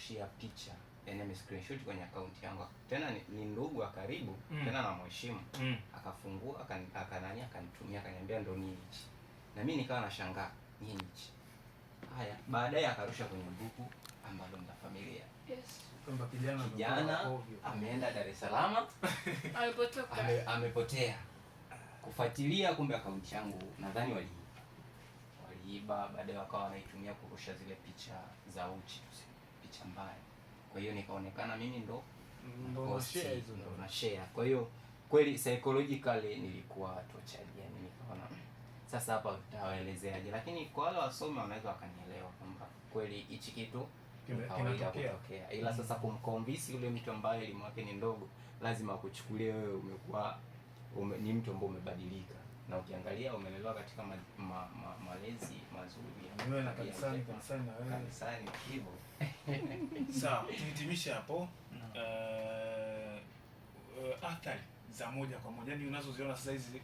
kushare picha yani amescreenshot kwenye akaunti yangu tena ni, ni ndugu wa karibu mm. tena na mheshimu mm. akafungua akan, akanani akanitumia akaniambia ndo ni hichi na mimi nikawa nashangaa ni hichi haya baadaye akarusha kwenye grupu ambalo mna familia yes. kwamba kijana kijana ameenda Dar es Salaam alipotoka ame, amepotea kufuatilia kumbe akaunti yangu nadhani wali waliiba baadaye wakawa wanaitumia kurusha zile picha za uchi tuseme picha mbaya, kwa hiyo nikaonekana mimi ndo ndo na share. Kwa hiyo kweli psychologically nilikuwa tochaji, yani nikaona sasa hapa utawaelezeaje, lakini kwa wale wasomi wanaweza wakanielewa kwamba kweli hichi kitu kawaida kutokea, ila sasa mm. kumconvince yule mtu ambaye elimu yake ni ndogo, lazima akuchukulie wewe umekuwa ume, ni mtu ambaye umebadilika na ukiangalia umelelewa katika ma, ma, ma, malezi mazuri kanisani kanisani na wewe kanisani hivyo Sawa, tuhitimishe hapo no. Uh, eh, eh, athari za moja kwa moja yani unazoziona sasa hizi